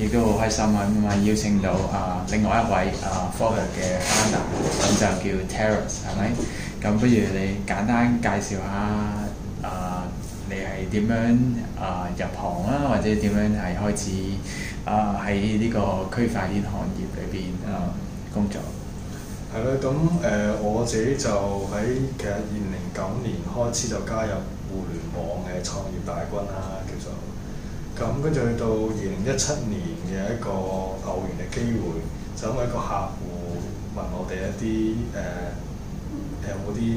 亦都好開心啊！咁啊，邀請到啊、呃、另外一位啊 Forbole 嘅 partner，咁就叫 Terence，係咪？咁不如你簡單介紹下啊、呃，你係點樣啊、呃、入行啊，或者點樣係開始啊喺呢個區塊鏈行業裏邊啊工作？係咯，咁誒、呃、我自己就喺其實二零零九年開始就加入互聯網嘅創業大軍啦。咁跟住去到二零一七年嘅一個偶然嘅機會，就因為一個客戶問我哋一啲誒誒有冇啲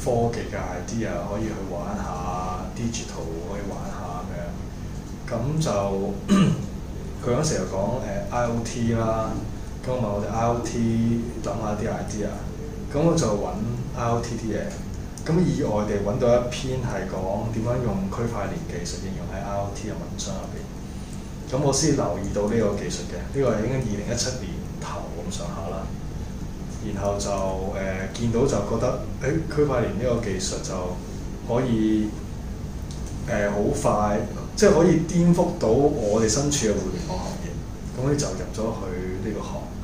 科技嘅 idea 可以去玩下，digital 可以玩下咁樣，咁就佢嗰陣時就講、呃、IOT 啦，咁問我哋 IOT 諗下啲 idea，咁我就揾 IOT 啲嘢。咁意外地揾到一篇係講點樣用區塊鏈技術應用喺 IOT 嘅文章入邊。咁我先留意到呢個技術嘅，呢、這個係應該二零一七年頭咁上下啦。然後就誒、呃、見到就覺得，誒區塊鏈呢個技術就可以誒好、呃、快，即、就、係、是、可以顛覆到我哋身處嘅互聯網行業。咁樣就入咗去呢個行。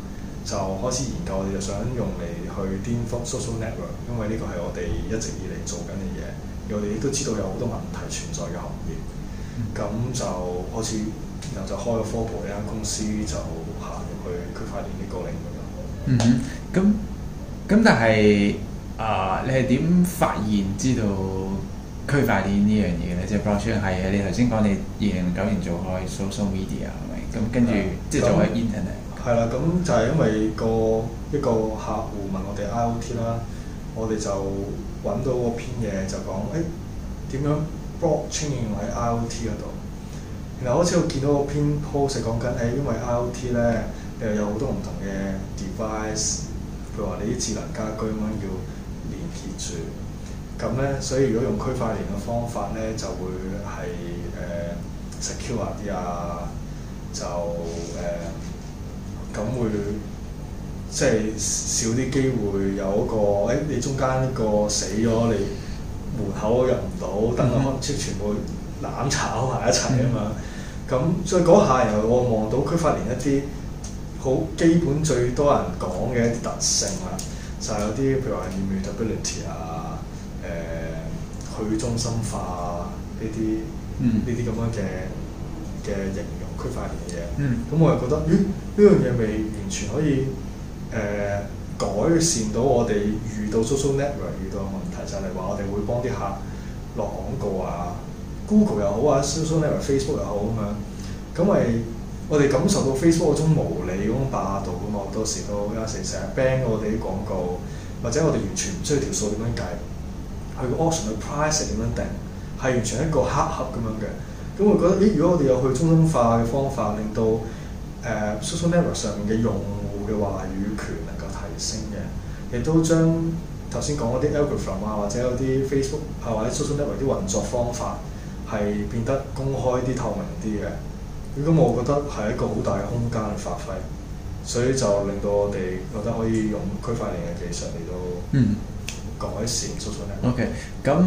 就開始研究，我哋就想用嚟去顛覆 social network，因為呢個係我哋一直以嚟做緊嘅嘢。我哋都知道有好多問題存在嘅行業，咁、嗯、就開始，然後就開咗 Forbole 呢間公司，就行入去區塊鏈呢個領域。嗯哼，咁咁但係啊、呃，你係點發現知道區塊鏈呢樣嘢咧？即、就、係、是、Blockchain 係你頭先講你二零零九年做開 social media 係咪？咁跟住即係做開 internet、嗯。嗯係啦，咁就係因為個一個客戶問我哋 I O T 啦，我哋就揾到個篇嘢就講誒點樣 blockchain 用喺 I O T 嗰度。然後好似我見到個篇 post 係講緊誒，因為 I O T 咧又有好多唔同嘅 device，譬如話你啲智能家居咁樣要連結住，咁咧所以如果用區塊鏈嘅方法咧就會係誒、呃、secure 啲啊，就誒。呃咁會即係少啲機會有一個誒、哎，你中間個死咗，你門口入唔到，等下即係全部攬炒埋一齊啊嘛！咁再嗰下又我望到，佢發現一啲好基本最多人講嘅一啲特性啦，就係、是、有啲譬如話 immutability 啊、誒、呃、去中心化啊呢啲呢啲咁樣嘅嘅嘢。區塊鏈嘅嘢，咁我係覺得，咦，呢樣嘢未完全可以誒、呃、改善到我哋遇到 social network 遇到嘅問題，就係、是、話我哋會幫啲客落廣告啊，Google 又好啊，social network、Facebook 又好咁、啊、樣，咁咪我哋感受到 Facebook 嗰種無理咁霸道噶嘛，好多時都有時成日 ban 我哋啲廣告，或者我哋完全唔需要條數點樣計，佢 auction 佢 price 係點樣定，係完全一個黑盒咁樣嘅。咁我覺得，誒、嗯，如果我哋有去中心化嘅方法，令到誒、呃、social network 上面嘅用戶嘅話語權能夠提升嘅，亦都將頭先講嗰啲 algorithm 啊，或者有啲 Facebook 啊，或者 social network 啲運作方法係變得公開啲、透明啲嘅，咁我覺得係一個好大嘅空間去發揮，所以就令到我哋覺得可以用區塊鏈嘅技術嚟到、嗯、改善 social network。OK，咁。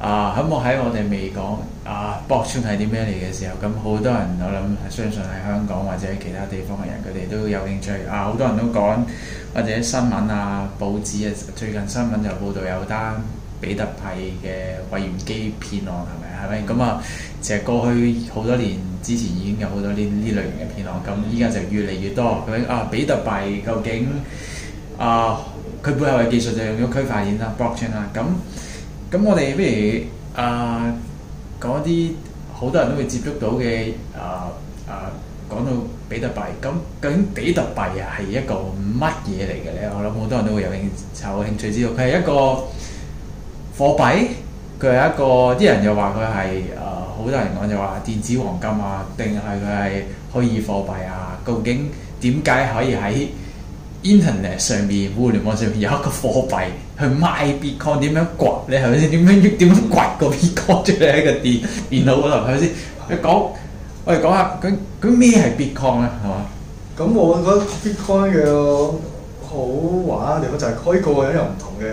啊！咁、嗯、我喺我哋未講啊 Blockchain 係啲咩嚟嘅時候，咁、嗯、好多人我諗相信喺香港或者其他地方嘅人，佢哋都有興趣。啊，好多人都講或者新聞啊、報紙啊，最近新聞就報道有單比特幣嘅櫃員機騙案，係咪？係咪？咁、嗯、啊、嗯嗯，其實過去好多年之前已經有好多呢呢類型嘅騙案，咁依家就越嚟越多。咁、嗯、啊，比特幣究竟啊，佢背後嘅技術就用咗區塊鏈啦、Blockchain 啦，咁。啊嗯嗯嗯嗯嗯咁我哋不如啊、呃、講一啲好多人都會接觸到嘅啊，啊講到比特幣，咁究竟比特幣啊係一個乜嘢嚟嘅咧？我諗好多人都會有興 有興趣知道，佢係一個貨幣，佢係一個啲人又話佢係啊好多人講就話電子黃金啊，定係佢係虛擬貨幣啊？究竟點解可以喺 Internet 上面、互聯網上面有一個貨幣？去賣 Bitcoin 點樣掘，你係咪先？點樣點樣掘個 Bitcoin 出嚟喺個電電腦嗰度？係咪先？你講 我哋講下，咁咁咩係 Bitcoin 咧？係嘛？咁我覺得 Bitcoin 嘅好玩地方就係、係、可以個人有唔同嘅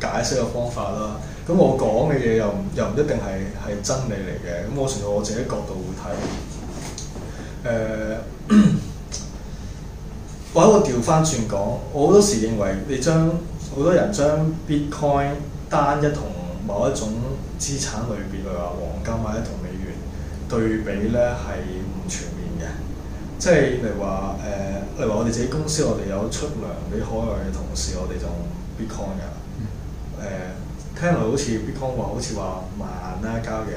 解釋嘅方法啦。咁我講嘅嘢又又唔一定係係真理嚟嘅。咁我純粹我自己角度會睇誒。呃、 我喺度調翻轉講，我好多時認為你將。好多人將 Bitcoin 單一同某一種資產類別， 例如話黃金或者同美元對比咧，係唔全面嘅。即係例如話誒，例如話我哋自己公司，我哋有出糧俾海外嘅同事，我哋就用 Bitcoin 㗎喇誒、呃。聽落好似 Bitcoin 話，好似話慢啦交易，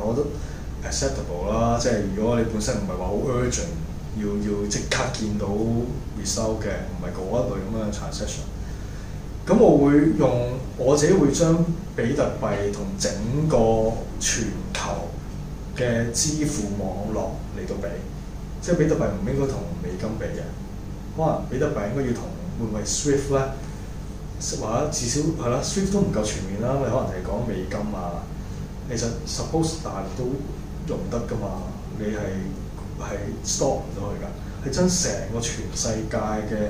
我覺得 acceptable 啦。即係如果你本身唔係話好 urgent，要要即刻見到 result 嘅，唔係嗰一類咁樣 transaction。咁我會用我自己會將比特幣同整個全球嘅支付網絡嚟到比，即係比特幣唔應該同美金比嘅，可能比特幣應該要同會唔會 SWIFT 咧？或者，至少係啦，SWIFT 都唔夠全面啦。你可能係講美金啊，其實 Suppose 大陸都用得㗎嘛，你係係 stop 唔到佢㗎，係將成個全世界嘅。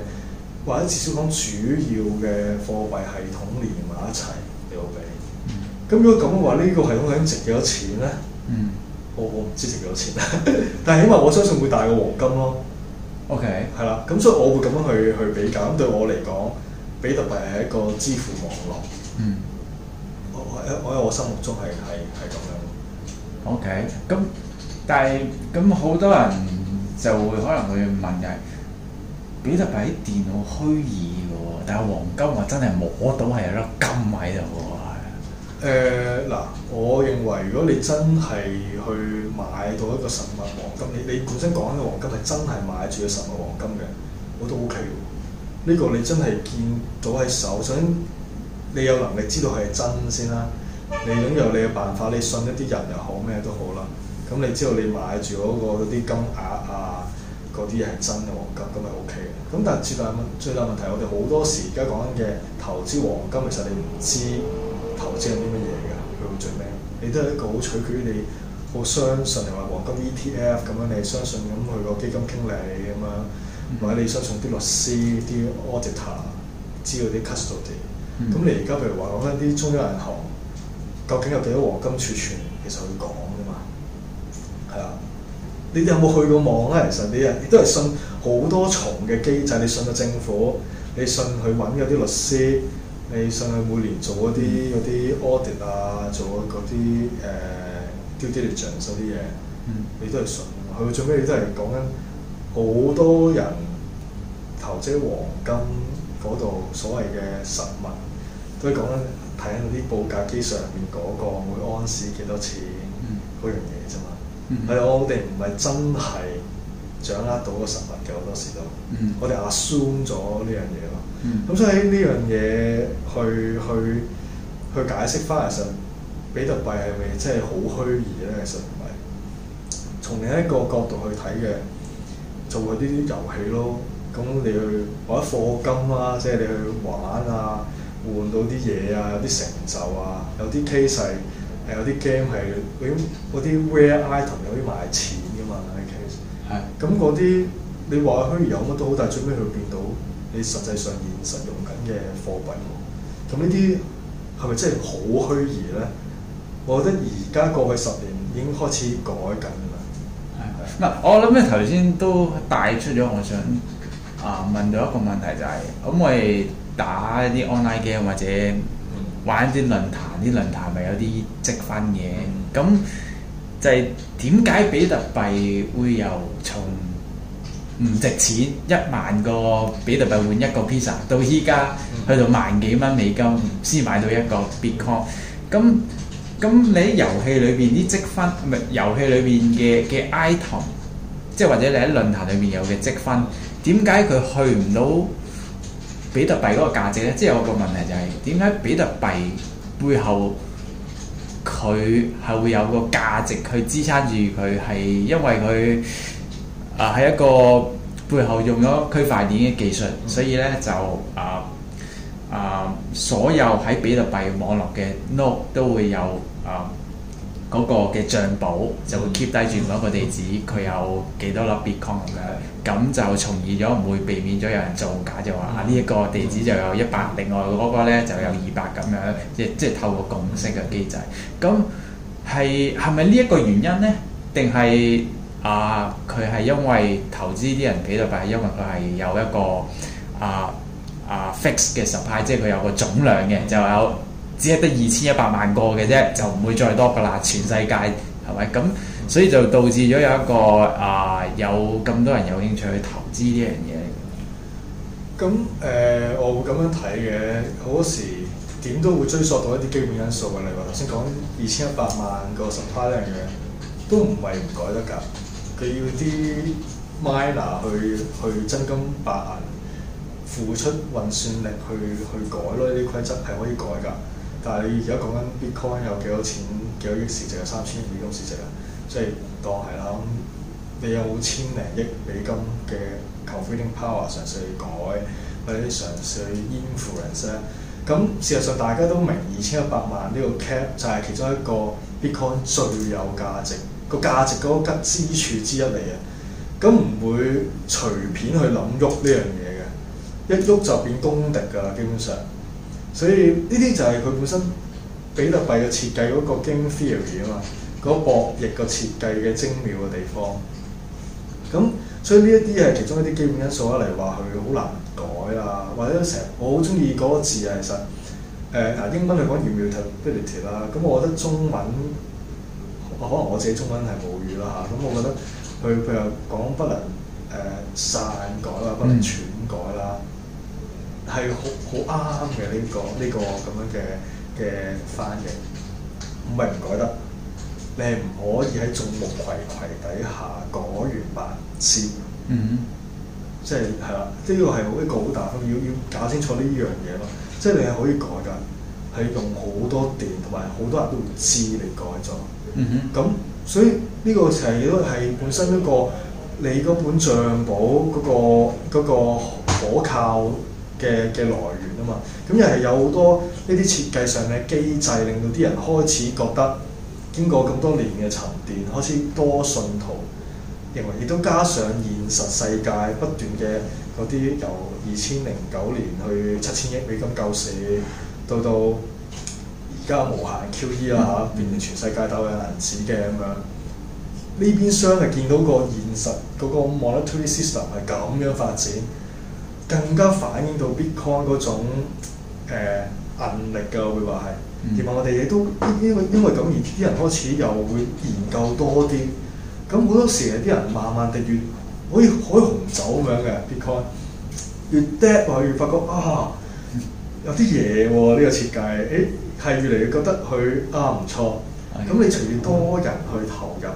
或者至少講主要嘅貨幣系統連埋一齊，嗯，比特幣。咁如果咁嘅話，呢個系統究竟值幾多錢咧？嗯，我我唔知值幾多錢 但係起碼我相信會大過黃金咯。OK，係啦。咁所以我會咁樣去去比較。咁對我嚟講，比特幣係一個支付網絡。嗯，我喺我喺我，我，我心目中係係係咁樣。OK，咁但係咁好多人就會可能會問人。比特幣喺電腦虛擬喎，但係黃金我真係摸到係有粒金喺度喎。誒嗱、呃，我認為如果你真係去買到一個實物黃金，你你本身講嘅黃金係真係買住嘅實物黃金嘅，我都 OK 喎。呢、這個你真係見到喺手上，首先你有能力知道係真先啦。你擁有你嘅辦法，你信一啲人又好咩都好啦。咁你知道你買住嗰個嗰啲金額啊？啊嗰啲嘢係真嘅黃金咁係 OK 嘅，咁但係最大問最大問題，我哋好多時而家講緊嘅投資黃金，其實你唔知投資係啲乜嘢嚟㗎，佢會最咩？你都係一個好取決於你好相信，你話黃金 ETF 咁樣，你相信咁佢個基金經理咁樣，或者你相信啲律師啲 auditor、知道啲 custody，咁、嗯、你而家譬如話講緊啲中央銀行，究竟有幾多黃金儲存？其實佢講。你哋有冇去過網咧？其實你啊，亦都係信好多重嘅機制，你信個政府，你信去揾嗰啲律師，你信去每年做嗰啲嗰啲 audit 啊，做嗰啲誒 due diligence 啲嘢，uh, 嗯、你都係信。佢做咩？你都係講緊好多人投資黃金嗰度所謂嘅實物，都係講緊睇緊啲報價機上邊嗰、嗰個每安士幾多錢嗰、嗯、樣嘢啫。係、mm hmm. 我哋唔係真係掌握到個實物嘅好多時都，mm hmm. 我哋 assume 咗呢樣嘢咯。咁、mm hmm. 所以呢樣嘢去去去，去解釋返，其實比特幣係咪真係好虛擬咧？其實唔係。從另一個角度去睇嘅，做嗰啲遊戲咯。咁你去或者課金啊，即係你去玩啊，換到啲嘢啊，有啲成就啊，有啲 case。誒有啲 game 係嗰啲嗰啲 rare item 有啲賣錢嘅嘛，I guess。係是。咁嗰啲你話虛擬有乜都好，但最尾佢變到你實際上現實用緊嘅貨幣。同呢啲係咪真係好虛擬咧？我覺得而家過去十年已經開始改緊啦。係係是。嗱，我諗咧頭先都帶出咗，我想啊問咗一個問題就係、是，我哋打啲 online game 或者。玩啲論壇，啲論壇咪有啲積分嘅。咁、嗯、就係點解比特幣會由從唔值錢一萬個比特幣換一個披薩，到依家去到萬幾蚊美金先買到一個 Bitcoin？咁咁你喺遊戲裏邊啲積分，唔係遊戲裏邊嘅嘅 item，即係或者你喺論壇裏邊有嘅積分，點解佢去唔到？比特幣嗰個價值咧，即係我個問題就係點解比特幣背後佢係會有個價值去支撐住佢？係因為佢啊喺一個背後用咗區塊鏈嘅技術，嗯、所以咧就啊啊、呃呃、所有喺比特幣網絡嘅 node 都會有啊。呃嗰個嘅帳簿就會 keep 低住嗰個地址，佢有幾多粒 bitcoin 咁樣，咁就從而咗唔會避免咗有人造假，就話呢一個地址就有一百，另外嗰個咧就有二百咁樣，即即透過共識嘅機制。咁係係咪呢一個原因咧？定係啊佢係因為投資啲人俾到幣，但因為佢係有一個啊啊 fixed 嘅 supply，即係佢有個總量嘅，就有。只係得二千一百萬個嘅啫，就唔會再多噶啦。全世界係咪咁？所以就導致咗有一個啊、呃，有咁多人有興趣去投資呢樣嘢嚟咁誒，我會咁樣睇嘅，好多時點都會追溯到一啲基本因素，例如話頭先講二千一百萬個 supply 呢樣嘢，都唔係唔改得㗎。佢要啲 miner 去去真金白銀付出運算力去去改咯，呢啲規則係可以改㗎。但係你而家講緊 Bitcoin 有幾多錢、幾多億市值、三千幾億美金市值啊？即係當係啦，咁你有千零億美金嘅求 Freezing Power 嘗試改，或者嘗試 Influence 咁，事實上大家都明，二千一百萬呢個 Cap 就係其中一個 Bitcoin 最有價值個價值嗰個吉之處之一嚟啊！咁唔會隨便去諗喐呢樣嘢嘅，一喐就變公敵㗎啦，基本上。所以呢啲就係佢本身比特幣嘅設計嗰個 game theory 啊嘛，嗰博弈個設計嘅精妙嘅地方。咁所以呢一啲係其中一啲基本因素啦，例如話佢好難改啦，或者成日我好中意嗰個字啊，其實誒，嗱、呃、英文嚟講唔要就 immutability 啦，咁我覺得中文可能我自己中文係母語啦嚇，咁我覺得佢佢又講不能誒、呃、散改啦，不能篡改啦。嗯係好好啱嘅呢個呢個咁樣嘅嘅翻譯，唔係唔改得，你係唔可以喺眾目睽睽底下改完白痴，嗯哼，即係係啦，呢個係一個好大要要搞清楚呢樣嘢咯。即係你係可以改嘅，係用好多電同埋好多人都唔知你改咗。嗯哼，咁所以呢個係都係本身一個你嗰本賬簿嗰個嗰個可靠。嘅嘅來源啊嘛，咁又係有好多呢啲設計上嘅機制，令到啲人開始覺得經過咁多年嘅沉澱，開始多信徒認為，亦都加上現實世界不斷嘅嗰啲由二千零九年去七千億美金救市，到到而家無限 QE 啦嚇，變成全世界都有銀紙嘅咁樣，呢邊相係見到個現實嗰個 monetary system 係咁樣發展。更加反映到 Bitcoin 嗰種誒、呃、韌力㗎，我會話係。其實我哋亦都因因為因為咁而啲人開始又會研究多啲。咁好多時係啲人慢慢地越，越可以海紅酒咁樣嘅 Bitcoin，越 deep 係越，越發覺啊，有啲嘢喎呢個設計，誒、哎、係越嚟越覺得佢啊唔錯。咁你隨住多人去投入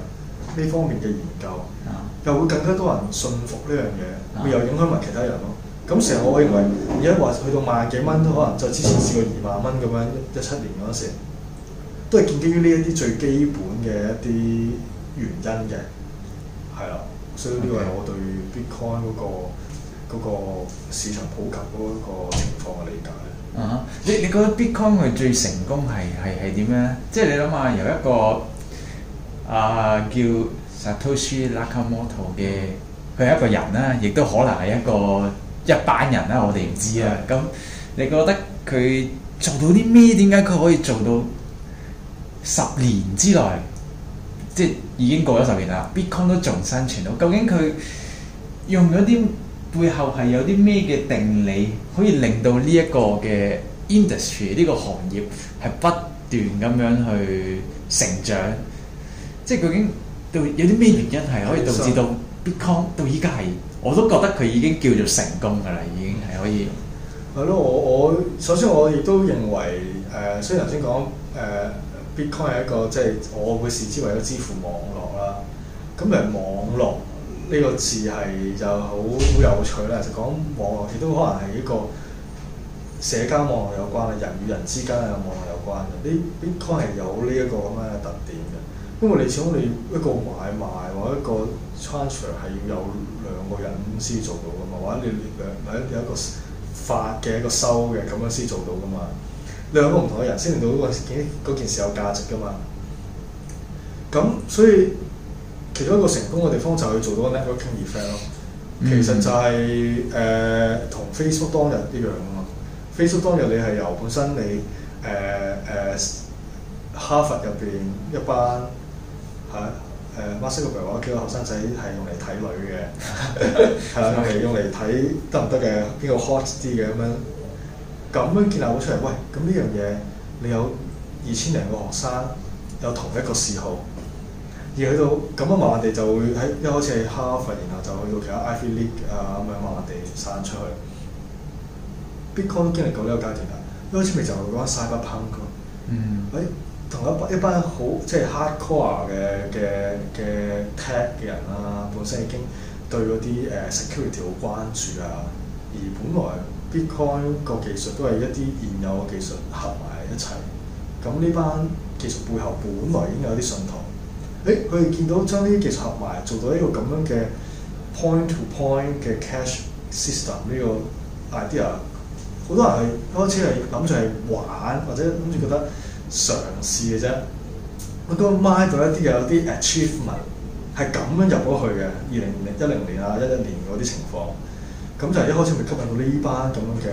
呢方面嘅研究，又會更加多人信服呢樣嘢，會有影響埋其他人咯。咁成日我認為而家話去到萬幾蚊都可能，就之前試過二萬蚊咁樣，一七年嗰陣時，都係建基於呢一啲最基本嘅一啲原因嘅，係啦，所以呢個係我對 Bitcoin 嗰、嗰個嗰個市場普及嗰個情況嘅理解啊，你、嗯、你覺得 Bitcoin 佢最成功係係係點樣咧？即、就、係、是、你諗下由一個啊、呃、叫 Satoshi Nakamoto 嘅，佢係一個人啦，亦都可能係一個。一班人啦、啊，我哋唔知啊。咁、嗯、你覺得佢做到啲咩？點解佢可以做到十年之內？即係已經過咗十年啦，Bitcoin、嗯、都仲生存到。究竟佢用咗啲背後係有啲咩嘅定理，可以令到呢一個嘅 industry 呢個行業係不斷咁樣去成長？即係究竟到有啲咩原因係可以導致到 Bitcoin 到依家係？我都覺得佢已經叫做成功㗎啦，已經係可以。係咯，我我首先我亦都認為誒，雖然頭先講誒，Bitcoin 係一個即係我會視之為一個支付網絡啦。咁誒，網絡呢個字係就好有趣啦。就講網絡，亦、這個、都可能係一個社交網絡有關啦，人與人之間啊，網絡有關嘅。呢 Bitcoin 係有呢一個咁樣嘅特點嘅，因為你始終你一個買賣或者一個 transfer 係要有兩個人先做到噶嘛，或者你你兩或有一個發嘅一個收嘅咁樣先做到噶嘛，兩個唔同嘅人先令到嗰、嗰個、件事有價值噶嘛。咁所以其中一個成功嘅地方就係做到一個 networking effect 咯，嗯、其實就係、係、誒同、呃、Facebook 當日一樣啊嘛。Facebook 當日你係由本身你誒誒哈佛入邊一班嚇。啊誒，Microsoft 話幾個學生仔係用嚟睇女嘅，係啊，用嚟用嚟睇得唔得嘅，邊個 hot 啲嘅咁樣，咁樣建立好出嚟。喂，咁呢樣嘢，你有二千零個學生有同一個嗜好，而去到咁樣慢慢地就會喺一開始係哈佛，然後就去到其他 Ivy League 啊咁樣，慢慢地散出去。Bitcoin 經歷過呢個階段啊，一開始咪就講曬個噴過，嗯，誒。同一班一班好即係 hardcore 嘅嘅嘅 tech 嘅人啦、啊，本身已經對嗰啲誒 security 好關注啊。而本來 Bitcoin 個技術都係一啲現有嘅技術合埋一齊，咁呢班技術背後本來已經有啲信徒。嗯、誒，佢哋見到將呢啲技術合埋，做到一個咁樣嘅 point-to-point 嘅 cash system 呢個 idea，好多人係一開始係諗住係玩，或者諗住覺得、嗯。嘗試嘅啫，我都 mind 咗一啲有啲 achievement 係咁樣入咗去嘅，二零零一零年啊一一年嗰啲情況，咁就一開始會吸引到呢班咁樣嘅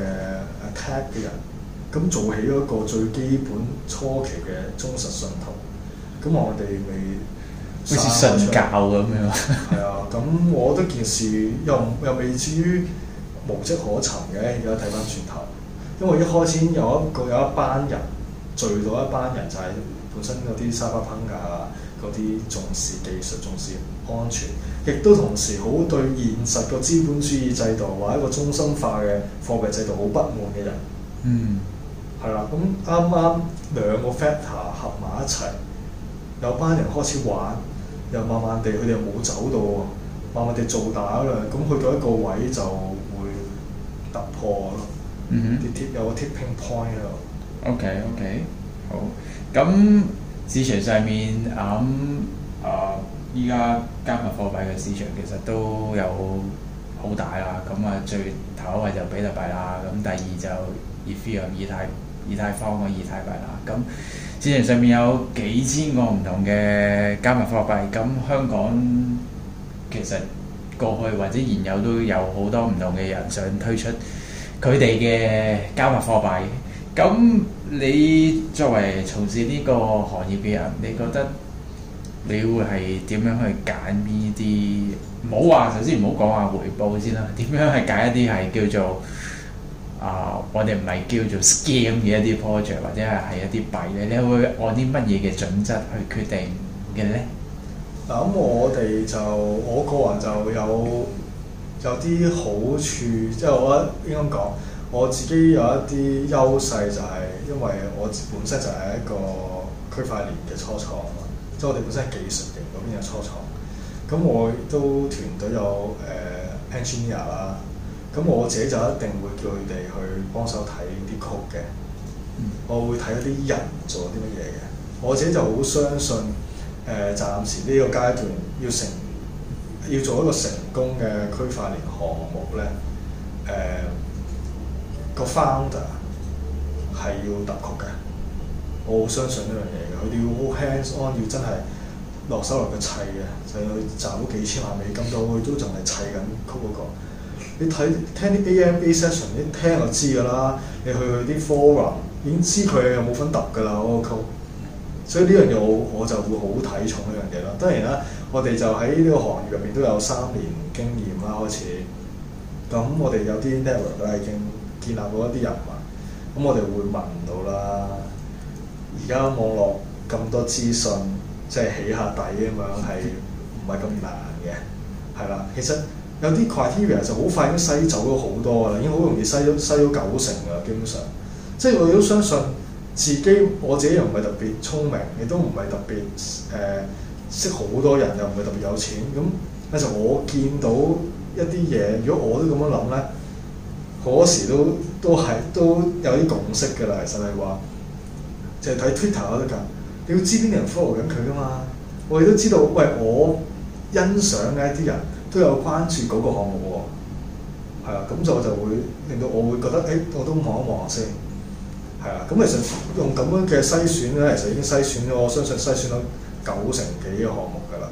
attack 嘅人，咁做起咗個最基本初期嘅忠實信徒，咁我哋咪好似信教咁樣。係 啊，咁我覺得件事又又未至於無跡可尋嘅，而家睇翻轉頭，因為一開始有一個有一班人。聚到一班人就係、是、本身嗰啲沙巴烹噶，嗰啲重視技術、重視安全，亦都同時好對現實個資本主義制度或者一個中心化嘅貨幣制度好不滿嘅人。嗯，係啦，咁啱啱兩個 factor 合埋一齊，有班人開始玩，又慢慢地佢哋又冇走到喎，慢慢地做打啦，咁去到一個位就會突破咯。嗯啲哼 tip 有個 tipping point 喺度。OK OK，好。咁市場上面咁啊，嗯、呃、依家加密貨幣嘅市場其實都有好大啦。咁啊，最頭一位就比特幣啦，咁第二就以太、以太、以太坊嘅以太幣啦。咁市場上面有幾千個唔同嘅加密貨幣。咁香港其實過去或者現有都有好多唔同嘅人想推出佢哋嘅加密貨幣。咁你作為從事呢個行業嘅人，你覺得你會係點樣去揀呢啲？唔好話首先唔好講話回報先啦，點樣去揀一啲係叫做啊、呃，我哋唔係叫做 scam 嘅一啲 project 或者係係一啲幣咧？你會按啲乜嘢嘅準則去決定嘅咧？咁、嗯、我哋就我個人就有有啲好處，即、就、係、是、我覺得應該講。我自己有一啲優勢，就係因為我本身就係一個區塊鏈嘅初創，即、就、係、是、我哋本身係技術型嗰邊嘅初創。咁我都團隊有誒、呃、engineer 啦，咁我自己就一定會叫佢哋去幫手睇啲 code 嘅。我會睇啲人做啲乜嘢嘅。我自己就好相信誒、呃，暫時呢個階段要成要做一個成功嘅區塊鏈項目咧，誒、呃。個 founder 係要揼曲嘅，我好相信呢樣嘢嘅。佢哋要 hands on，要真係落手落腳砌嘅，就要賺攢幾千萬美金到，佢都仲係砌緊曲嗰個。你睇聽啲 A M A session，一聽就知噶啦。你去去啲 forum 已經知佢有冇分揼噶啦嗰個曲。所以呢樣嘢我我就會好睇重呢樣嘢啦。當然啦，我哋就喺呢個行業入邊都有三年經驗啦，開始，咁我哋有啲 network 啦已經。建立嗰一啲人物，咁我哋會問到啦。而家網絡咁多資訊，即係起下底咁樣係唔係咁難嘅？係啦，其實有啲 criteria 就好快已經篩走咗好多啦，已經好容易篩咗篩咗九成啦，基本上。即係我哋都相信自己，我自己又唔係特別聰明，亦都唔係特別誒、呃、識好多人，又唔係特別有錢。咁其實我見到一啲嘢，如果我都咁樣諗咧。嗰時都都係都有啲共識嘅啦，其實係話，淨係睇 Twitter 都得噶。你要知邊啲人 follow 緊佢噶嘛？我哋都知道，喂，我欣賞嘅一啲人都有關注嗰個項目喎。係啊，咁就就會令到我會覺得，誒、欸，我都望一望先。係啊，咁其實用咁樣嘅篩選咧，其實已經篩選咗，我相信篩選咗九成幾嘅項目㗎啦。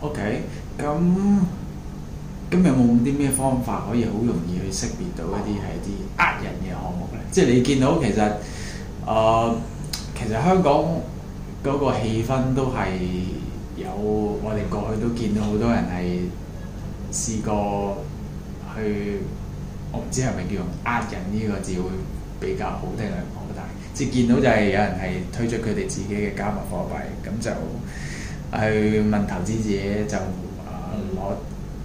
OK，咁、um。咁有冇啲咩方法可以好容易去識別到一啲係啲呃人嘅項目咧？即係你見到其實，誒、呃，其實香港嗰個氣氛都係有，我哋過去都見到好多人係試過去，我唔知係咪叫用呃人呢個字會比較好聽兩字，但係即係見到就係有人係推出佢哋自己嘅加密貨幣，咁就去問投資者就誒攞誒。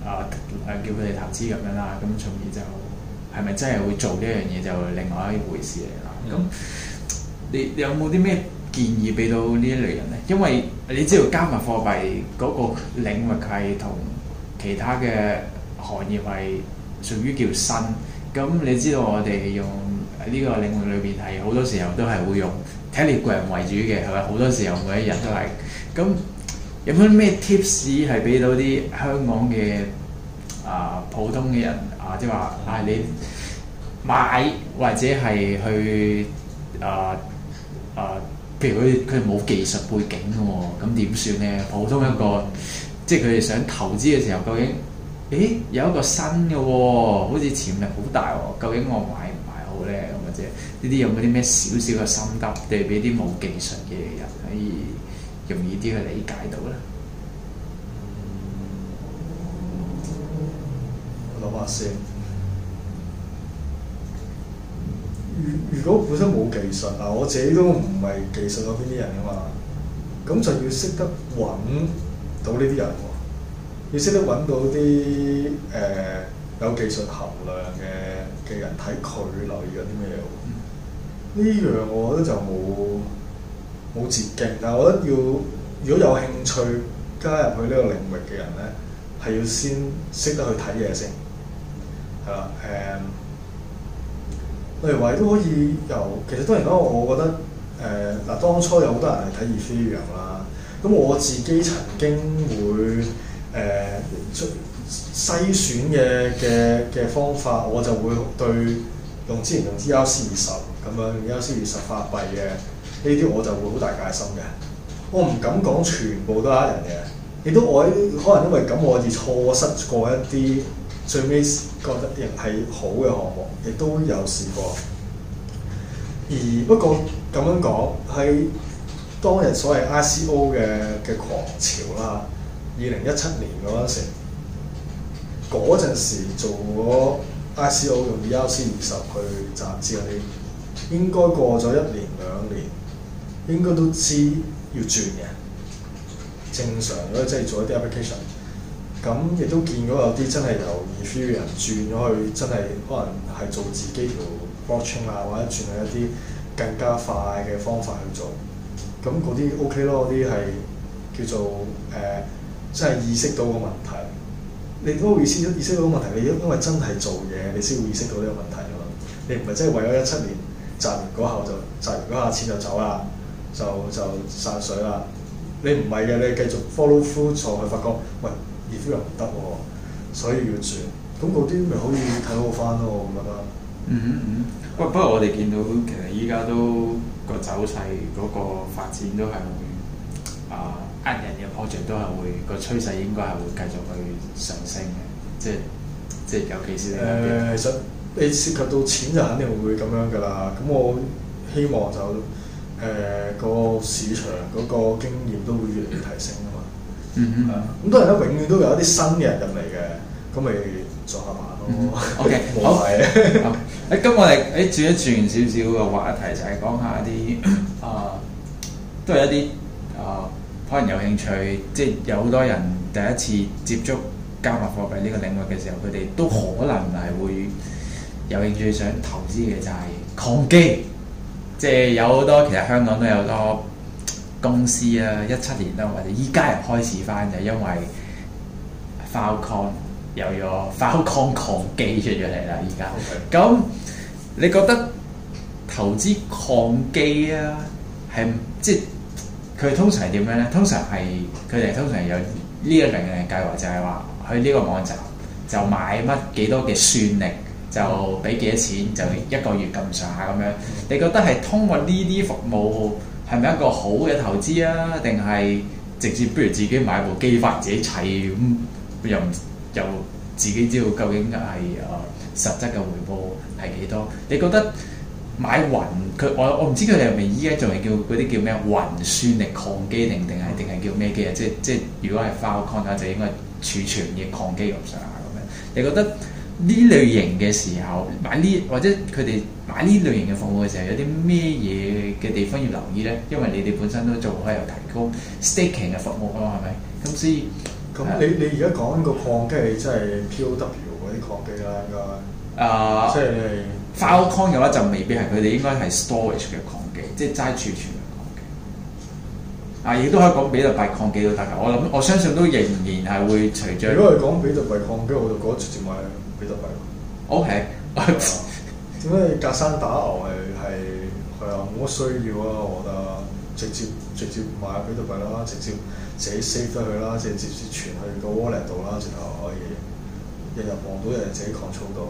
啊誒叫佢哋投資咁樣啦，咁從而就係咪真係會做呢樣嘢就另外一回事嚟啦。咁你，你有冇啲咩建議俾到呢一類人呢？因為你知道加密貨幣嗰個領域係同其他嘅行業係屬於叫新。咁你知道我哋用呢個領域裏邊，係好多時候都係會用 Telegram 為主嘅，係咪？好多時候每一日都係。咁有冇啲咩 tips 係俾到啲香港嘅？啊，普通嘅人啊，即係話，唉、啊，你買或者係去啊啊，譬如佢佢冇技術背景嘅喎，咁點算咧？普通一個，即係佢哋想投資嘅時候，究竟，誒有一個新嘅喎、哦，好似潛力好大喎、哦，究竟我買唔買好咧？咁或者，呢啲有冇啲咩少少嘅心得，對畀啲冇技術嘅人可以容易啲去理解到咧？如果本身冇技術，嗱，我自己都唔係技術嗰邊啲人㗎嘛，咁就要識得揾到呢啲人喎，要識得揾到啲誒、呃、有技術含量嘅嘅人，睇佢留意緊啲咩嘢。呢、嗯、樣我覺得就冇冇捷徑，但係我覺得要如果有興趣加入去呢個領域嘅人咧，係要先識得去睇嘢先。係啦，誒、嗯，例如話都可以由，其實當然啦，我覺得，誒，嗱，當初有好多人係睇 Ethereum 啦，咁我自己曾經會誒出、呃、篩選嘅嘅嘅方法，我就會對用之前用 ERC 二十咁樣 ERC 二十發幣嘅呢啲，我就會好大戒心嘅，我唔敢講全部都呃人嘅，亦都我可，可能因為咁，我而錯失過一啲。最尾覺得亦係好嘅項目，亦都有試過。而不過咁樣講喺當日所謂 I C O 嘅嘅狂潮啦，二零一七年嗰陣時，嗰陣時做咗 I C O 用啲優先二十去集資，啲應該過咗一年兩年，應該都知要轉嘅。正常即係做一啲 application。咁亦都見到有啲真係由 referee 人、um、轉咗去，真係可能係做自己條 blockchain 啊，或者轉去一啲更加快嘅方法去做。咁嗰啲 O K 咯，嗰啲係叫做誒、呃、真係意識到個問題。你都個意識意識到個問題，你因因為真係做嘢，你先會意識到呢個問題咯。你唔係真係為咗一七年賺完嗰下就賺完下錢就走啦，就就散水啦。你唔係嘅，你繼續 follow through 坐去，發覺喂～亦都又唔得喎，所以要轉，咁嗰啲咪可以睇好翻咯，我覺得。嗯嗯嗯。喂，不過我哋見到其實依家都個走勢嗰個發展都係、呃、會啊，呃人嘅 project，都係會個趨勢應該係會繼續去上升嘅，即係即係尤其是你、呃。其實你涉及到錢就肯定會咁樣㗎啦。咁我希望就誒個、呃、市場嗰個經驗都會越嚟越提升。嗯。嗯哼，咁多人咧，永遠都有一啲新嘅人入嚟嘅，咁咪做下飯咯。OK，好 是。OK，咁 我哋誒轉一轉少少嘅話題，就係講下一啲啊、呃，都係一啲啊、呃，可能有興趣，即、就、係、是、有好多人第一次接觸加密貨幣呢個領域嘅時候，佢哋都可能係會有興趣想投資嘅就係抗基，即係、嗯、有好多其實香港都有多。公司啊，一七年啦，或者依家又開始翻，就因為 Filecoin 有咗 Filecoin 礦機出咗嚟啦，依家。咁、嗯、你覺得投資礦機啊，係即係佢通常係點樣咧？通常係佢哋通常有呢一類嘅計劃，就係話去呢個網站就買乜幾多嘅算力，就俾幾多錢，就一個月咁上下咁樣。你覺得係通過呢啲服務？係咪一個好嘅投資啊？定係直接不如自己買部機發自己砌咁、嗯、又又自己知道究竟係誒、呃、實質嘅回報係幾多？你覺得買雲佢我我唔知佢哋係咪依家仲係叫嗰啲叫咩啊？雲算力礦機定定係定係叫咩機啊？即即如果係 fire contract 就應該儲存嘅礦機入上啊咁樣，你覺得？呢類型嘅時候買呢，或者佢哋買呢類型嘅服務嘅時候，有啲咩嘢嘅地方要留意咧？因為你哋本身都做開有提供 staking 嘅服務咯，係咪？咁所以咁你你而家講呢個礦機，即係 POW 嗰啲礦機啦，應該啊，即係 Filecoin 嘅話就未必係佢哋應該係 storage 嘅礦機，即係齋儲存嘅礦機啊，亦都可以講比特幣礦機都得㗎。我諗我相信都仍然係會隨著。如果係講比特幣礦機，我就覺得直接買。比特幣咯，OK，點解你隔山打牛，係係係啊，冇乜需要啊，我覺得直接直接買比特幣啦，直接自己 save 翻佢啦，直接直接存去個 wallet 度啦，然後可以日日望到，日日自己狂操到，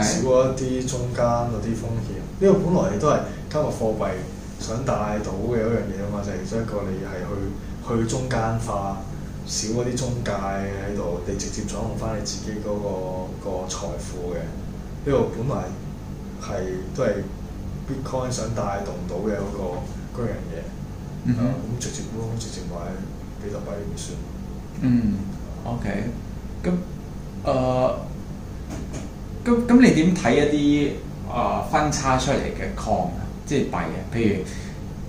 少咗一啲中間嗰啲風險。呢個本來都係加密貨幣想帶到嘅一樣嘢啊嘛，就係一個你係去去中間化。少嗰啲中介喺度，你直接掌控翻你自己嗰、嗰個個財富嘅。呢個本來係都係 Bitcoin 想帶動到嘅嗰個嗰樣嘢，咁、嗯哼啊、直接咁、啊、直接買幾十百點算。嗯，OK。咁、呃、誒，咁咁你點睇一啲啊分叉出嚟嘅 Con，即係幣嘅，譬如？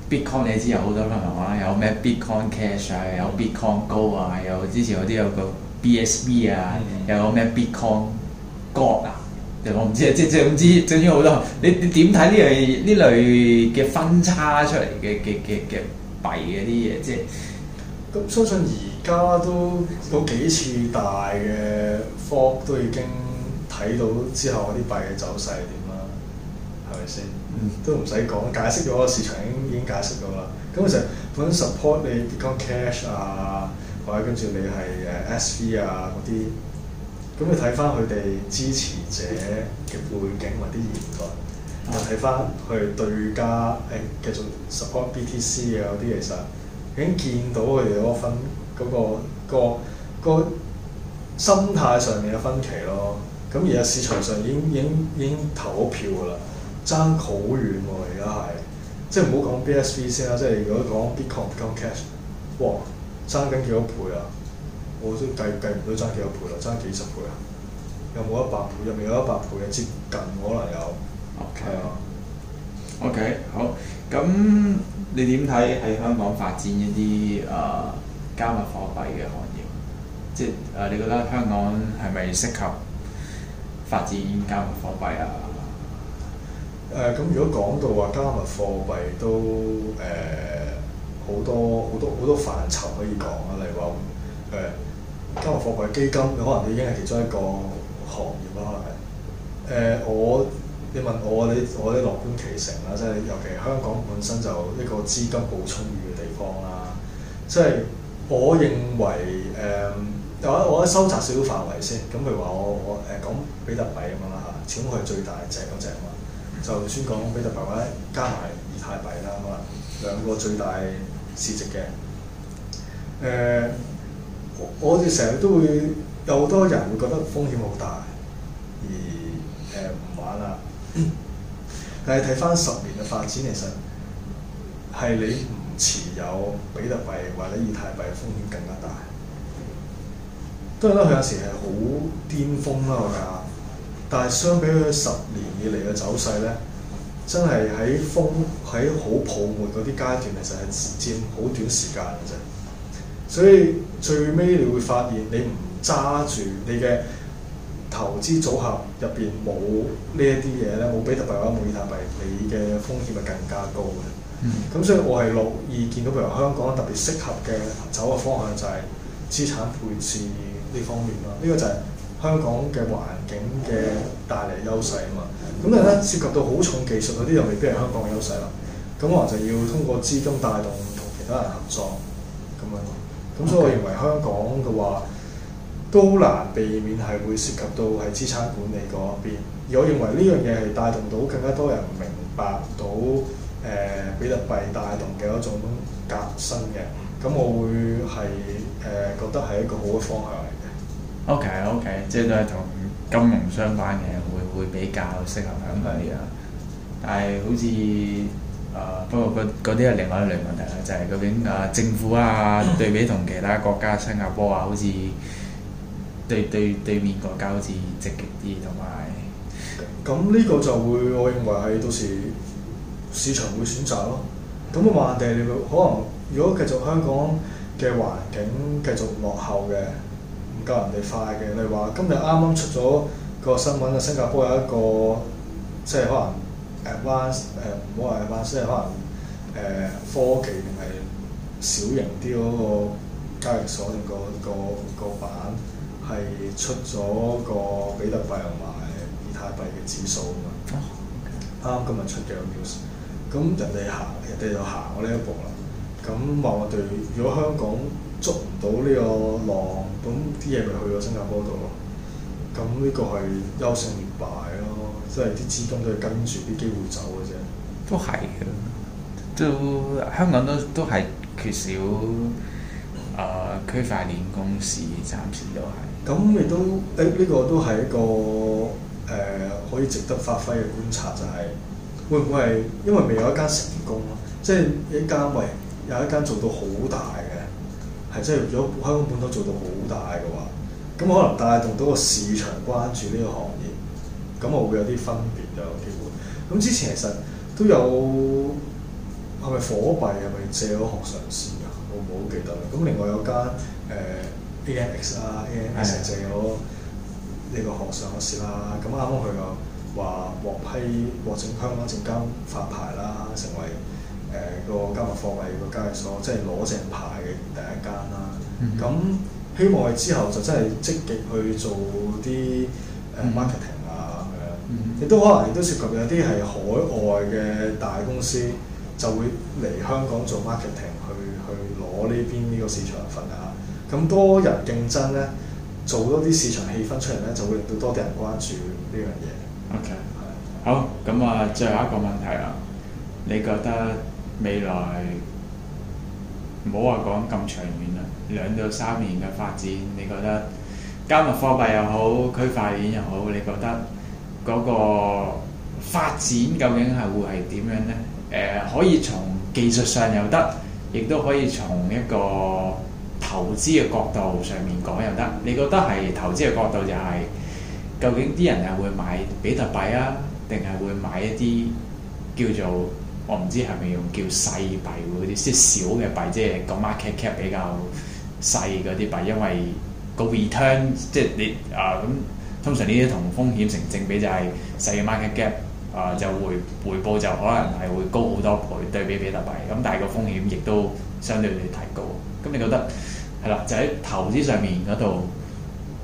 Bitcoin 你知有好多類型啊，有咩 Bitcoin Cash 啊，有 Bitcoin Go 啊，有之前嗰啲有個 BSB 啊，又有咩 Bitcoin Gold 啊，我唔知啊，即係即係唔知，總之好多。你你點睇呢類呢類嘅分叉出嚟嘅嘅嘅嘅幣嗰啲嘢？即係咁相信而家都嗰幾次大嘅 fork 都已經睇到之後嗰啲幣嘅走勢點啦，係咪先？嗯、都唔使講，解釋咗個市場已經已經解釋咗啦。咁其實本身 support 你講 cash 啊，嗯、或者跟住你係誒 SV 啊嗰啲，咁你睇翻佢哋支持者嘅背景或啲言論，嗯、又睇翻佢哋對家誒繼續 support btc 啊嗰啲其實已經見到佢哋嗰分、嗰、嗰個、嗰個嗰個嗰個心態上面嘅分歧咯。咁而家市場上已經已經已經，已經投好票噶啦。爭好遠喎、啊！而家係，即係唔好講 BSV 先啦、啊，即係如果講 Bitcoin、Coin Cash，哇，爭緊幾多倍啊！我都計計唔到爭幾多倍啊，爭幾十倍啊！有冇一百倍？入面有一百倍嘅，接近可能有，係啊 Okay. 嗎。OK，好，咁你點睇喺香港發展一啲誒、呃、加密貨幣嘅行業？即係誒、呃，你覺得香港係咪適合發展加密貨幣啊？誒咁、呃，如果講到話加密貨幣都誒好、呃、多好多好多範疇可以講啊，例如話誒、呃、加密貨幣基金，可能已經係其中一個行業啦。誒、呃，我你問我你我哋樂觀其成啦，即係尤其香港本身就一個資金好充裕嘅地方啦。即係我認為誒、呃，我我收窄少少範圍先。咁譬如話我我誒講比特幣咁樣啦嚇，始終佢最大就係嗰隻嘛。就先講比特幣加埋以太幣啦，可能兩個最大市值嘅。誒、呃，我哋成日都會有好多人會覺得風險好大，而誒唔、呃、玩啦。 但係睇翻十年嘅發展，其實係你唔持有比特幣或者以太幣風險更加大。當然啦，佢有時係好巔峰啦，佢啊～但係相比佢十年以嚟嘅走勢咧，真係喺風喺好泡沫嗰啲階段，其實係佔好短時間嘅啫。所以最尾你會發現你你，你唔揸住你嘅投資組合入邊冇呢一啲嘢咧，冇比特幣或者冇以太幣，你嘅風險係更加高嘅。咁、嗯、所以我係樂意見到譬如香港特別適合嘅走嘅方向就係資產配置呢方面囉。呢、呢個就係、是。香港嘅環境嘅帶嚟優勢啊嘛，咁但係咧涉及到好重技術嗰啲又未必係香港嘅優勢啦，咁可能就要通過資金帶動同其他人合作咁樣，咁所以我認為香港嘅話都難避免係會涉及到係資產管理嗰邊，而我認為呢樣嘢係帶動到更加多人明白到誒、呃、比特幣帶動嘅一種革新嘅，咁我會係誒、呃、覺得係一個好嘅方向。O.K. O.K. 即係都係同金融相關嘅，會會比較適合咁樣。嗯、但係好似誒、呃，不過嗰啲係另外一類問題啦。就係、是、究竟誒、呃、政府啊，嗯、對比同其他國家新加坡啊，好似對對對,對面國家好似積極啲，同埋咁呢個就會，我認為係到時市場會選擇咯。咁啊，橫掂你會可能如果繼續香港嘅環境繼續,續落後嘅。教人哋快嘅，你話今日啱啱出咗個新聞啊，新加坡有一個即係可能 advance 誒唔好話 advance，即係可能誒、呃、科技定係小型啲嗰個交易所定、嗰個、嗰個、嗰個板係出咗個比特幣同埋以太幣嘅指數啊嘛，啱啱今日出嘅 news，咁人哋行人哋就行過呢一步啦，咁話我哋如果香港捉唔到呢個浪，咁啲嘢咪去咗新加坡度咯。咁呢個係優勝劣敗咯，即係啲資金都係跟住啲機會走嘅啫。都係嘅，都香港都都係缺少啊區塊鏈公司，暫時都係。咁亦都誒，呢、這個都係一個誒、呃、可以值得發揮嘅觀察、就是，就係會唔會係因為未有一間成功咯，即係一間為有一間做到好大。係即係如果香港本土做到好大嘅話，咁可能帶動到個市場關注呢個行業，咁我會有啲分別嘅。有機會，咁之前其實都有係咪火幣係咪借咗殼上市㗎？我唔好記得啦。咁另外有間誒、呃、AMX 啦 AMX 借咗呢個殼上市啦。咁啱啱佢又話獲批獲證香港證監發牌啦，成為。誒個加密貨幣個交易所，即係攞正牌嘅第一間啦。咁、mm hmm. 希望係之後就真係積極去做啲誒 marketing 啊咁樣，亦、mm hmm. 都可能亦都涉及有啲係海外嘅大公司就會嚟香港做 marketing 去去攞呢邊呢個市場份額。咁多人競爭咧，做多啲市場氣氛出嚟咧，就會令到多啲人關注呢樣嘢。OK，係是好。咁啊，最後一個問題啊，你覺得？未來唔好話講咁長遠啦，兩到三年嘅發展，你覺得加密貨幣又好，區塊鏈又好，你覺得嗰個發展究竟係會係點樣呢？誒、呃，可以從技術上又得，亦都可以從一個投資嘅角度上面講又得。你覺得係投資嘅角度就係、係、究竟啲人係會買比特幣啊，定係會買一啲叫做？我唔知係咪用叫細幣嗰啲，即係小嘅幣，即係個 market cap 比較細嗰啲幣，因為個 return 即係你啊咁，通常呢啲同風險成正比就 gap，啊，就係細嘅 market cap 啊就回回報就可能係會高好多倍對比比，比特幣，咁但係個風險亦都相對地提高。咁你覺得係啦，就喺、是、投資上面嗰度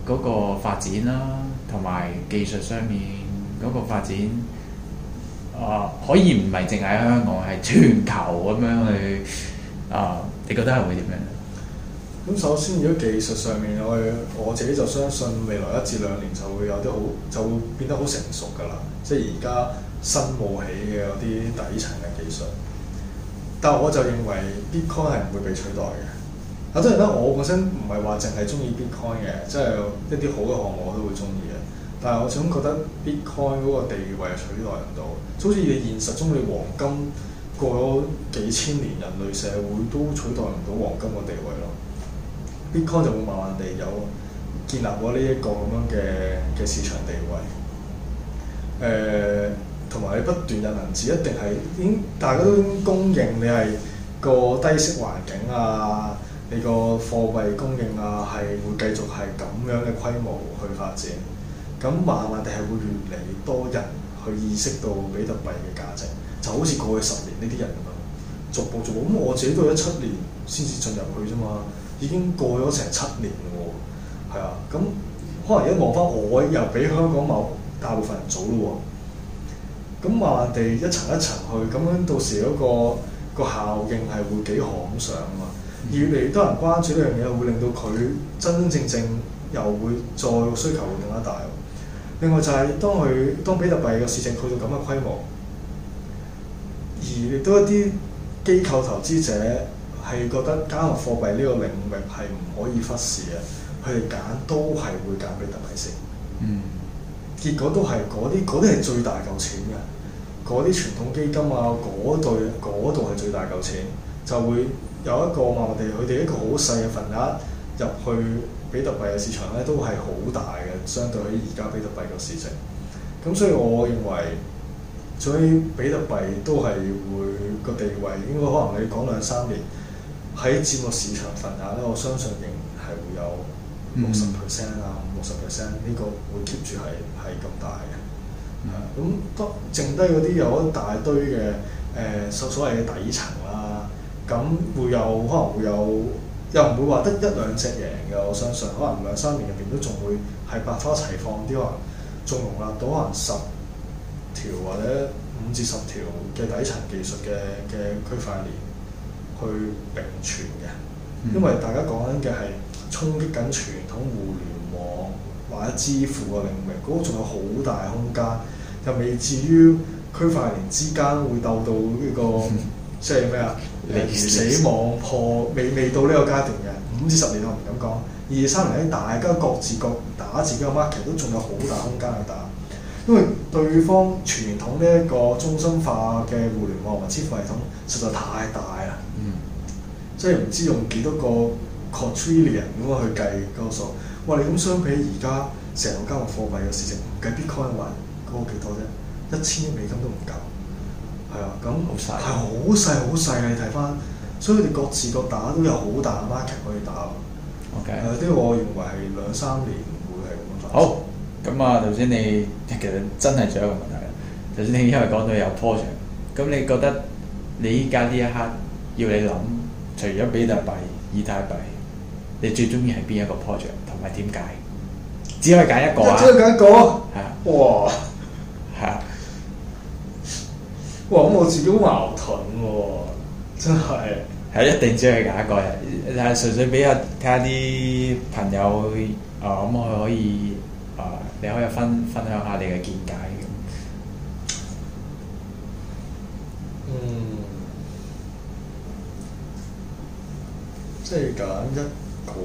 嗰個發展啦，同埋技術上面嗰個發展。啊，可以唔係淨係喺香港，係全球咁樣去啊？你覺得係會點樣？咁首先，如果技術上面我我自己就相信未來一至兩年就會有啲好，就會變得好成熟㗎啦。即係而家新冒起嘅有啲底層嘅技術，但係我就認為 Bitcoin 係唔會被取代嘅。有啲人得我本身唔係話淨係中意 Bitcoin 嘅，即係一啲好嘅項目我都會中意嘅。但係我想覺得 Bitcoin 嗰個地位取代唔到，就好似你現實中，你黃金過咗幾千年，人類社會都取代唔到黃金個地位咯。Bitcoin 就會慢慢地有建立咗呢一個咁樣嘅嘅市場地位。誒、呃，同埋你不斷印銀紙，一定係已經大家都公認你係個低息環境啊，你個貨幣供應啊，係會繼續係咁樣嘅規模去發展。咁慢慢地係會越嚟越多人去意識到比特幣嘅價值，就好似過去十年呢啲人咁樣逐步逐步。咁我自己到一七年先至進入去啫嘛，已經過咗成七年喎、哦，係啊。咁可能一望返我，又比香港某大部分人早咯喎、哦。咁慢慢地一層一層去，咁樣到時嗰、那個、這個效應係會幾可想啊嘛。越嚟越多人關注呢樣嘢，會令到佢真真正正又會再個需求會更加大。另外就係當佢當比特幣嘅事情去到咁嘅規模，而亦都一啲機構投資者係覺得加密貨幣呢個領域係唔可以忽視嘅，佢哋揀都係會揀比特幣先。嗯，結果都係嗰啲嗰啲係最大嚿錢嘅，嗰啲傳統基金啊，嗰對嗰度係最大嚿錢，就會有一個默默地，佢哋一個好細嘅份額入去。比特幣嘅市場咧都係好大嘅，相對於而家比特幣個市值。咁所以我認為，所以比特幣都係會個地位應該可能你講兩三年喺佔個市場份額咧，我相信仍然係會有六十 percent 啊，六十 percent 呢個會 keep 住係係咁大嘅。啊、嗯，咁當剩低嗰啲有一大堆嘅誒、呃、所所謂嘅底層啦，咁會有可能會有。又唔會話得一兩隻贏嘅，我相信可能兩三年入面都仲會係百花齊放啲，可能仲容納到可能十條或者五至十條嘅底層技術嘅嘅區塊鏈去並存嘅，嗯、因為大家講緊嘅係衝擊緊傳統互聯網或者支付嘅領域，嗰個仲有好大空間，又未至於區塊鏈之間會鬥到呢個、嗯、即係咩啊？死亡破未未到呢個階段嘅五至十年我唔敢講，二三年大家各自各自打自己嘅 market 都仲有好大空間去打，因為對方傳統呢一個中心化嘅互聯網或支付系統實在太大啦。嗯。即係唔知用幾多個 quadrillion 咁樣去計個數，數。哇！你咁相比而家成個加密貨幣嘅市值，唔計 Bitcoin 仲高幾多啫？一千億美金都唔夠。係啊，咁係好細好細，你睇翻，所以你各自各打都有好大嘅 market 可以打喎。OK。誒，啲我認為係兩三年唔會係咁樣。好，咁啊，頭先你其實真係仲有一個問題，頭先你因為講到有 project，咁你覺得你依家呢一刻要你諗，除咗比特幣、以太幣，你最中意係邊一個 project，同埋點解？只可以揀一個啊！只可以揀一個。係啊。哇！係啊。咁我自己好矛盾喎，啊，真係係一定揀一個人，但係純粹畀下睇下啲朋友啊，咁、嗯、佢可以啊，你可以分分享下你嘅見解咁。嗯，即係揀一個，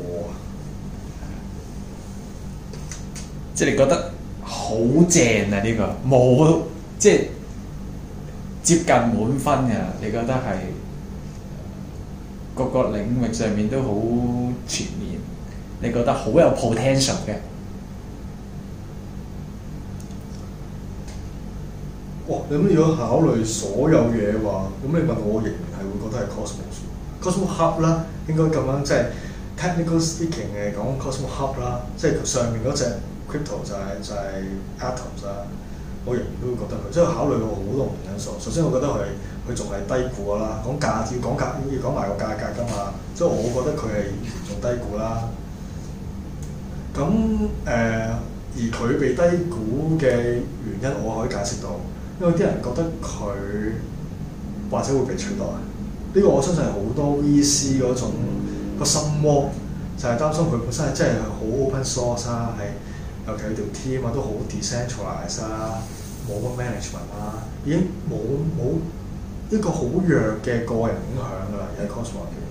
即係你覺得好正啊！呢、這個冇即係。接近滿分嘅，你覺得係各個領域上面都好全面，你覺得好有 potential 嘅。哇！你如果考慮所有嘢話，咁你問我，仍然係會覺得係 cosmos，cosmos cos hub 啦，應該咁樣即係、就是、technical speaking 誒講 cosmos hub 啦，即係上面嗰隻 crypto 就係、是、就係、是、atoms 啊。我仍然都會覺得佢，即係考慮到好多唔同因素。首先，我覺得佢佢仲係低估噶啦，講價要講價，要講埋個價格噶嘛。即係我覺得佢係嚴重低估啦。咁誒、呃，而佢被低估嘅原因，我可以解釋到，因為啲人覺得佢或者會被取代。呢、呢個我相信係好多 VC 嗰種、嗰個心魔，就係、是、擔心佢本身係真係好 open source 啊，係。尤其是條 team 啊，都好 decentralized 啦，冇乜 management 啦，已經冇冇一個好弱嘅個人影響㗎啦，喺 Cosmos 環境。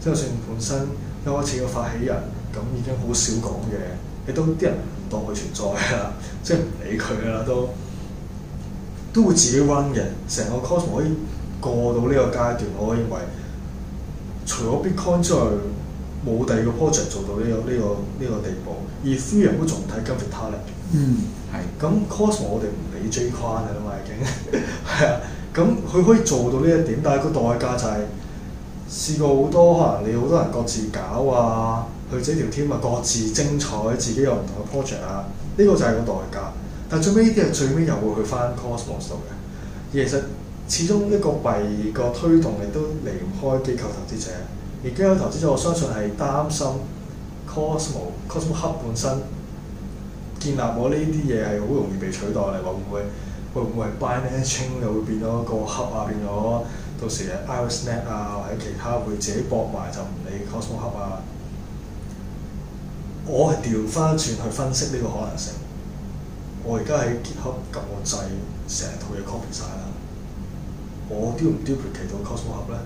即係就算本身一開始個發起人咁，已經好少講嘢，亦都啲人唔當佢存在啊，即係唔理佢啦都，都會自己 run 嘅。成個 Cosmos 可以過到呢個階段，我認為除咗 Bitcoin 之外。冇第二個 project 做到呢個呢個呢個地步，而所有人都仲睇金屬 talent。嗯，係。咁 cosmos 我哋唔理 Jae Kwon 嘅啦嘛已經。係 啊。咁佢可以做到呢一點，但係個代價就係、是、試過好多可能你好多人各自搞啊，去自己條 team 啊各自精彩，自己有唔同嘅 project 啊。呢、這個就係個代價。但係最尾呢啲人最尾又會去翻 cosmos 度嘅。其實始終一個幣個推動，你都離唔開機構投資者。而基金投資者，我相信係擔心 Cosmo、mm、hmm. Cosmo Hub 本身建立我呢啲嘢係好容易被取代，你話、就是、會唔會會唔會 Binary Chain 就會變咗個 Hub 啊，變咗到時 IRISnet 啊或者其他會自己搏埋就唔理 Cosmo Hub 啊。我係調翻轉去分析呢個可能性。我而家喺 GitHub 撳掣，成套嘢 copy 晒啦。我丟唔丟掉渠道 Cosmo Hub 咧？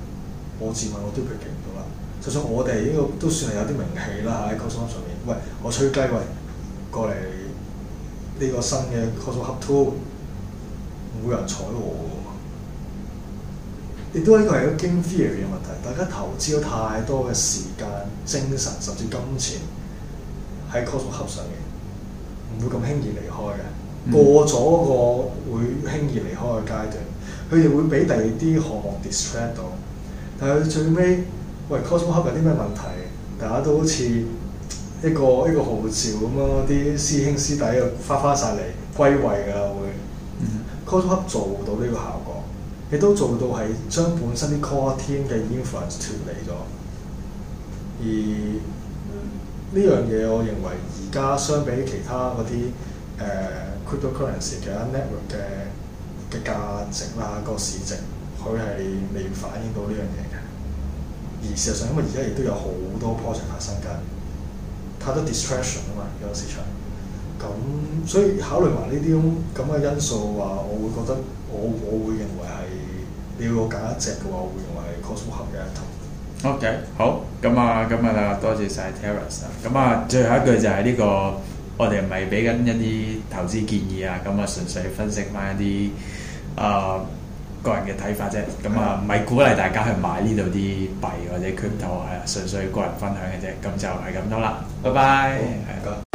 我自問我都被極唔到啦。就算我哋呢個都算係有啲名氣啦喺 Cosmos Hub 上面，喂，我吹雞喂過嚟呢個新嘅 Cosmos Hub 2，冇人睬我。亦都呢個係一個 game theory 嘅問題。大家投資咗太多嘅時間、精神甚至金錢喺 Cosmos Hub 上邊，唔會咁輕易離開嘅。過咗嗰個會輕易離開嘅階段，佢哋、嗯、會俾第二啲項目 distract 到。係、啊、最尾喂 Cosmos Hub，有啲咩問題，大家都好似一個一個號召咁樣，啲師兄師弟又花花晒嚟歸位㗎會 mm hmm. Cosmos Hub，做到呢個效果，亦都做到係將本身啲 Core Team 嘅 Influence 脫離咗。而呢樣嘢，我認為而家相比其他啲誒、呃、Crypto Currency 其他 Network 嘅嘅價值啦，個市值佢係未反映到呢樣嘢。而事實上，因為而家亦都有好多 project 發生緊，太多 distraction 啊嘛，這個市場。咁所以考慮埋呢啲咁嘅因素話，我會覺得我我會認為係你要我揀一隻嘅話，我會認為 Cosmos 合嘅一套。OK，好。咁啊，咁啊啦，多謝晒 Terence 啊。咁啊，最後一句就係呢、這個，我哋唔係俾緊一啲投資建議啊。咁啊，純粹分析翻一啲啊。呃個人嘅睇法啫，咁啊唔係鼓勵大家去買呢度啲幣或者鉛頭，係、啊、純粹個人分享嘅啫，咁就係咁多啦，拜拜，好，唔該。